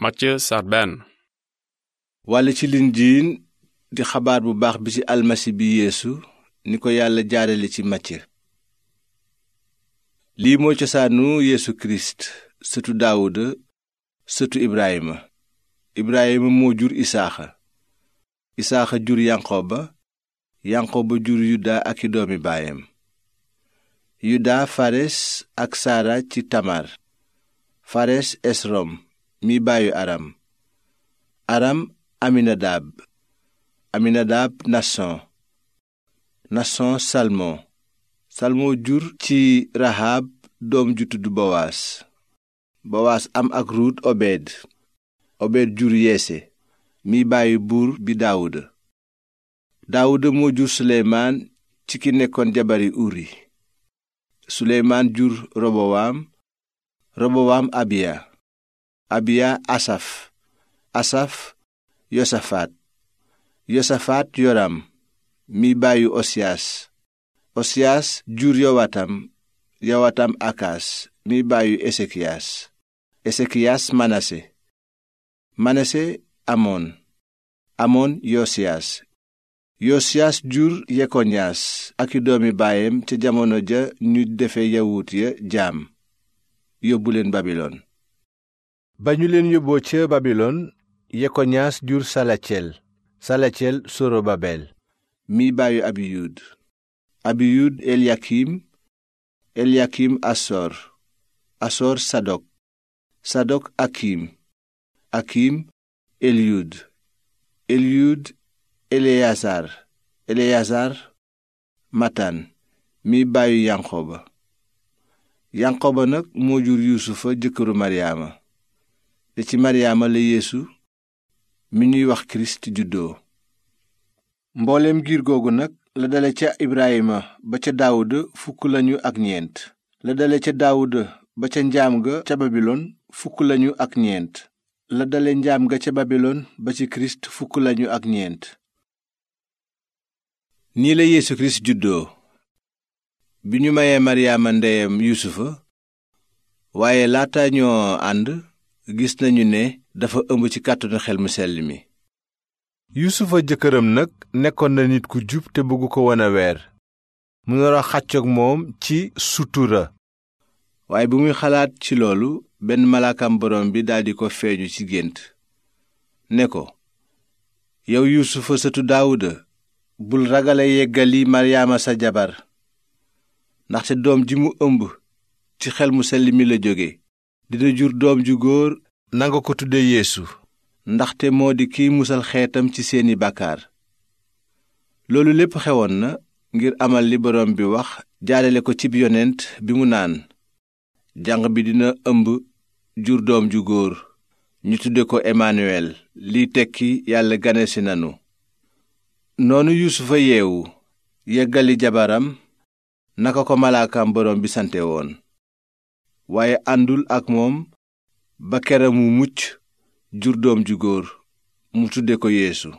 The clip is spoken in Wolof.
Mathieu saar benn walla ci linjiin di xabaar bu baax bi ci almasi bi yeesu ni ko yàlla jaarale ci Mathieu lii mooy cosaanu yeesu kirist sëtu daawuda sëtu ibraayima ibraayima moo jur isaaxa isaaxa jur yanqooba yanqooba jur yuda ak i doomi baayam yuda fares ak saara ci tamar fares esrom mi baayu aram aram aminadaab aminadaab nason nason salmon salmon jur ci rahab doom ju tudd bowaas bowaas am ak ruut obed obed jur yeese mi baayu buur bi daawuda daawuda moo jur suleymaan ci ki nekkoon jabari uri suleymaan jur robowaam robowaam abiya abiya asaf asaf yosafaat yosafaat yoram mi bàyyu osiyaas osiyaas jur yowatam yowatam akaas mi bàyyu esekiyaas esekiyaas manase manase amoon amoon yosiyaas yosiyaas jur yekoñaas ak i doomi baayam ca jamono ja ñu defe yawut ya jaam yóbbu leen babilon ba ñu leen yóbboo ca babilon yekoñaas jur salacel salacel sorobabel mi bàyyu abiyud abiyud eliakim eliakim asor asor sadok sadok akim akim eliyud eliyud eleyasar eleyasar matan mi bàyyu yanqoba yanqoba nag moo jur yuusufa jëkkëru maryaama te ci maryaama la yeesu mi ñuy wax kirist juddoo mbooleem giir googu nag la dale ca ibrahima ba ca daawuda fukk lañu ak ñeent la dale ca daawuda ba ca njaam ga ca babilon fukk lañu ak ñeent la dale njaam ga ca babilon ba ci kirist fukk lañu ak ñeent nii la juddoo bi ñu mayee maryaama ndeyam yusufa gis nañu ne dafa ëmb ci kàttanu xel mu sell mi yuusufa jëkkëram nag nekkoon na nit ku jub te bëgg ko won a weer mu nar a moom ci sutura waaye bu muy xalaat ci loolu benn malaakam borom bi daldi ko feeñu ci gént ne ko yow yuusufa sëtu daawuda bul ragale yeggali maryaama sa jabar ndaxte doom ji mu ëmb ci xel mu selli mi la jóge dina jur doom ju góor nanga ko tudde yéesu ndaxte moo di kiy musal xeetam ci seeni bàkkaar loolu lépp xewoon na ngir amal li borom bi wax jaalale ko cib yonent bi mu naan janq bi dina ëmb jur doom ju góor ñu tudde ko Emmanuel liy tekki yàlla ganesi nanu noonu yuusufa yeewu yeggali jabaram naka ko malaakam borom bi sante woon waaye àndul ak moom ba keram wu mucc jur doom ju góor mu tudde ko yéesu